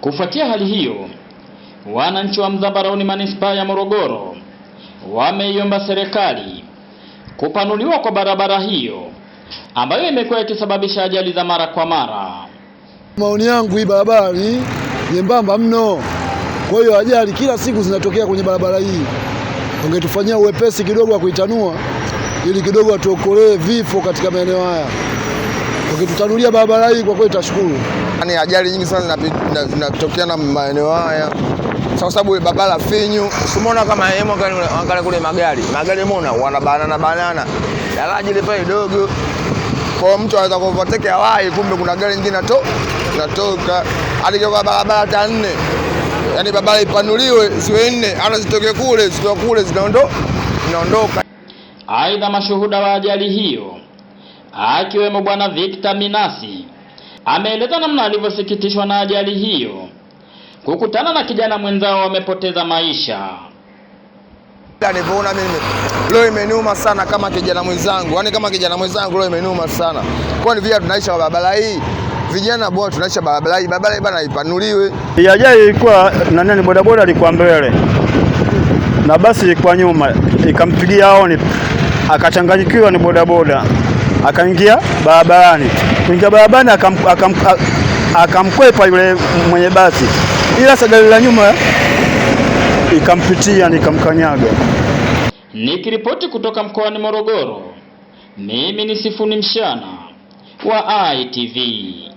Kufuatia hali hiyo, wananchi wa Mzambarauni manispaa ya Morogoro wameiomba serikali kupanuliwa kwa barabara hiyo ambayo imekuwa ikisababisha ajali za mara kwa mara. Maoni yangu hii barabara ni nyembamba mno, kwa hiyo ajali kila siku zinatokea kwenye barabara hii. Ungetufanyia uwepesi kidogo wa kuitanua ili kidogo atuokolee vifo katika maeneo haya. Ukitutanulia barabara hii kwa kweli tashukuru. Yaani ajali nyingi sana zinatokea na maeneo haya kwa sababu barabara finyu. Umeona kama yeye mwaka angalia kule magari. Magari mona wana banana banana. Daraja lipa dogo. Kwa mtu anaweza kuovertake hawai, kumbe kuna gari nyingine nato natoka. Hadi kwa barabara ta nne. Yaani barabara ipanuliwe ziwe nne, ana zitoke kule, zitoke kule zinaondoka. Aidha, mashuhuda wa ajali hiyo akiwemo Bwana Victor Minasi ameeleza namna alivyosikitishwa na ajali hiyo kukutana na kijana mwenzao wamepoteza maisha. Nilivyoona mimi leo imeniuma sana kama kijana mwenzangu, yaani kama kijana mwenzangu leo imeniuma sana, kwani vijana tunaisha barabara hii, vijana bwana, tunaisha barabara hii, barabara hii bana ipanuliwe. Ajali ilikuwa na nani, bodaboda alikuwa mbele na basi ilikuwa nyuma, ikampigia hao, akachanganyikiwa ni bodaboda akaingia barabarani, kuingia barabarani akamkwepa yule mwenye basi, ila sasa gari la nyuma ikampitia nikamkanyaga. Nikiripoti kutoka mkoani Morogoro, mimi ni Sifuni Mshana wa ITV.